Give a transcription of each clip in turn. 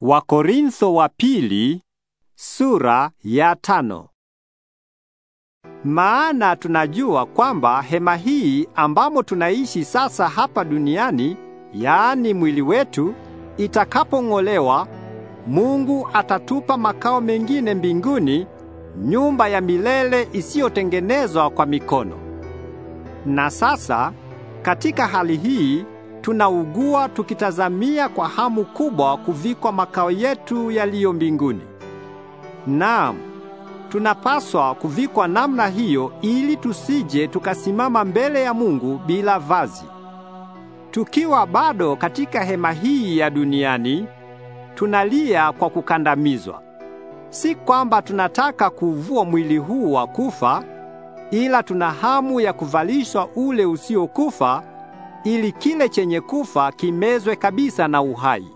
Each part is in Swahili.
Wakorintho wa pili sura ya tano. Maana tunajua kwamba hema hii ambamo tunaishi sasa hapa duniani, yaani mwili wetu, itakapong'olewa, Mungu atatupa makao mengine mbinguni, nyumba ya milele isiyotengenezwa kwa mikono. Na sasa katika hali hii tunaugua tukitazamia kwa hamu kubwa kuvikwa makao yetu yaliyo mbinguni. Naam, tunapaswa kuvikwa namna hiyo ili tusije tukasimama mbele ya Mungu bila vazi. Tukiwa bado katika hema hii ya duniani, tunalia kwa kukandamizwa. Si kwamba tunataka kuuvua mwili huu wa kufa, ila tuna hamu ya kuvalishwa ule usiokufa ili kile chenye kufa kimezwe kabisa na uhai.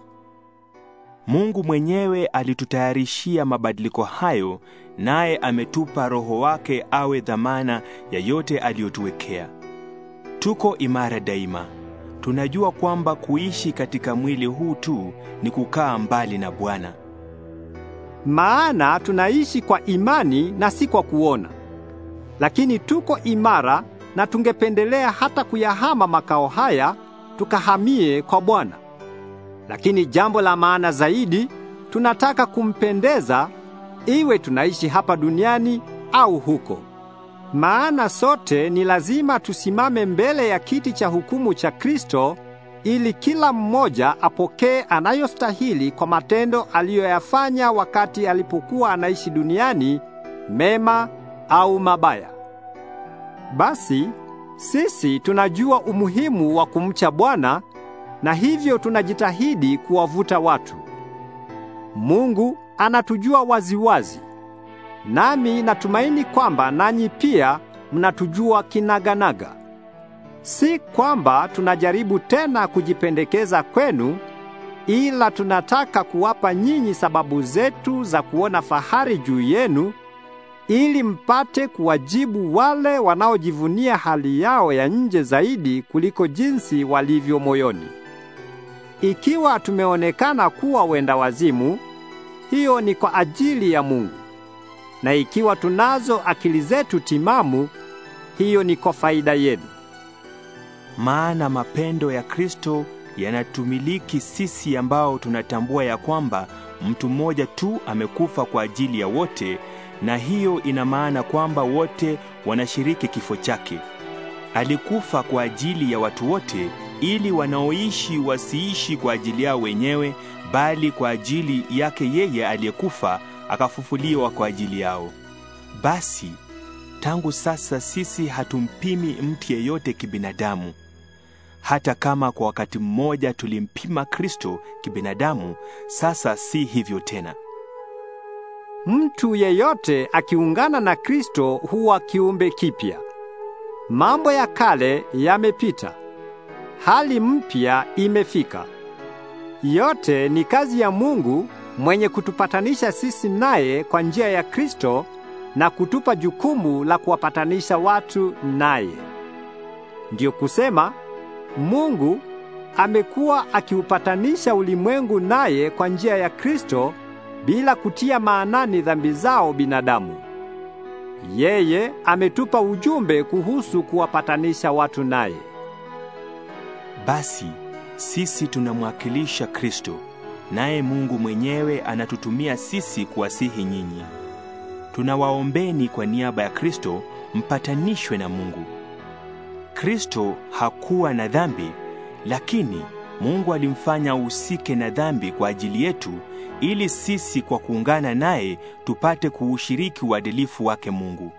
Mungu mwenyewe alitutayarishia mabadiliko hayo, naye ametupa Roho wake awe dhamana ya yote aliyotuwekea. Tuko imara daima. Tunajua kwamba kuishi katika mwili huu tu ni kukaa mbali na Bwana. Maana tunaishi kwa imani na si kwa kuona. Lakini tuko imara na tungependelea hata kuyahama makao haya tukahamie kwa Bwana. Lakini jambo la maana zaidi, tunataka kumpendeza iwe tunaishi hapa duniani au huko. Maana sote ni lazima tusimame mbele ya kiti cha hukumu cha Kristo ili kila mmoja apokee anayostahili kwa matendo aliyoyafanya wakati alipokuwa anaishi duniani, mema au mabaya. Basi sisi tunajua umuhimu wa kumcha Bwana na hivyo tunajitahidi kuwavuta watu. Mungu anatujua waziwazi. Nami natumaini kwamba nanyi pia mnatujua kinaganaga. Si kwamba tunajaribu tena kujipendekeza kwenu, ila tunataka kuwapa nyinyi sababu zetu za kuona fahari juu yenu ili mpate kuwajibu wale wanaojivunia hali yao ya nje zaidi kuliko jinsi walivyo moyoni. Ikiwa tumeonekana kuwa wenda wazimu, hiyo ni kwa ajili ya Mungu. Na ikiwa tunazo akili zetu timamu, hiyo ni kwa faida yenu. Maana mapendo ya Kristo yanatumiliki sisi ambao tunatambua ya kwamba mtu mmoja tu amekufa kwa ajili ya wote na hiyo ina maana kwamba wote wanashiriki kifo chake. Alikufa kwa ajili ya watu wote, ili wanaoishi wasiishi kwa ajili yao wenyewe, bali kwa ajili yake yeye aliyekufa akafufuliwa kwa ajili yao. Basi tangu sasa sisi hatumpimi mtu yeyote kibinadamu. Hata kama kwa wakati mmoja tulimpima Kristo kibinadamu, sasa si hivyo tena. Mtu yeyote akiungana na Kristo huwa kiumbe kipya. Mambo ya kale yamepita. Hali mpya imefika. Yote ni kazi ya Mungu mwenye kutupatanisha sisi naye kwa njia ya Kristo na kutupa jukumu la kuwapatanisha watu naye. Ndiyo kusema Mungu amekuwa akiupatanisha ulimwengu naye kwa njia ya Kristo bila kutia maanani dhambi zao binadamu. Yeye ametupa ujumbe kuhusu kuwapatanisha watu naye. Basi sisi tunamwakilisha Kristo, naye Mungu mwenyewe anatutumia sisi kuwasihi nyinyi. Tunawaombeni kwa niaba ya Kristo mpatanishwe na Mungu. Kristo hakuwa na dhambi, lakini Mungu alimfanya uhusike na dhambi kwa ajili yetu ili sisi kwa kuungana naye tupate kuushiriki uadilifu wake Mungu.